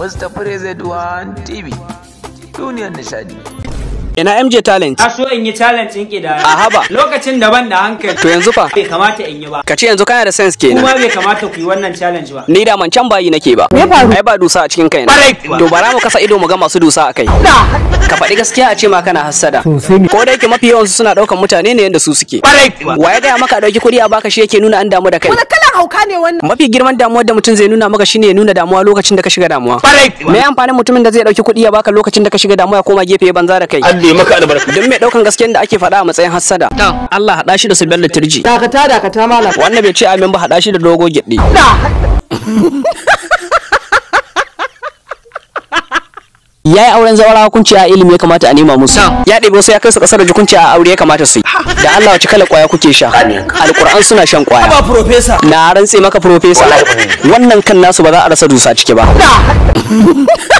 president Redwan TV duniyar nishadi. ina MJ talent Ka so in yi talent in kidaya a haba lokacin da ban da hankali to yanzu fa bai kamata in yi ba kace yanzu kana da sense kenan kuma bai kamata ku yi wannan challenge ba ni da man can bayi nake ba ai ba dusa a cikin kai na to bara mu kasa ido mu ga masu dusa a kai ka faɗi gaskiya a ce ma kana hassada ko da yake mafi yawan su suna daukan mutane ne yanda su suke wa ya gaya maka dauki kuɗi a baka shi yake nuna an damu da kai kalan hauka ne wannan mafi girman damuwar da mutum zai nuna maka shine ya nuna damuwa lokacin da ka shiga damuwa me amfanin mutumin da zai dauki kuɗi ya baka lokacin da ka shiga damuwa koma gefe banza da kai Allah ya maka albarka don mai daukan gaskiyar da ake faɗa a matsayin hassada Allah haɗa shi da su bello turji dakata dakata malam wannan bai ce amin ba haɗa shi da dogo gyaɗe ya yi auren zawara hukunci a ilimi ya kamata a nema musu ya ɗebi wasu ya kai su ƙasar hukunci a aure ya kamata su yi da Allah wace kala kwaya kuke sha alƙur'an suna shan kwaya ba profesa na rantse maka profesa wannan kan nasu ba za a rasa dusa ciki ba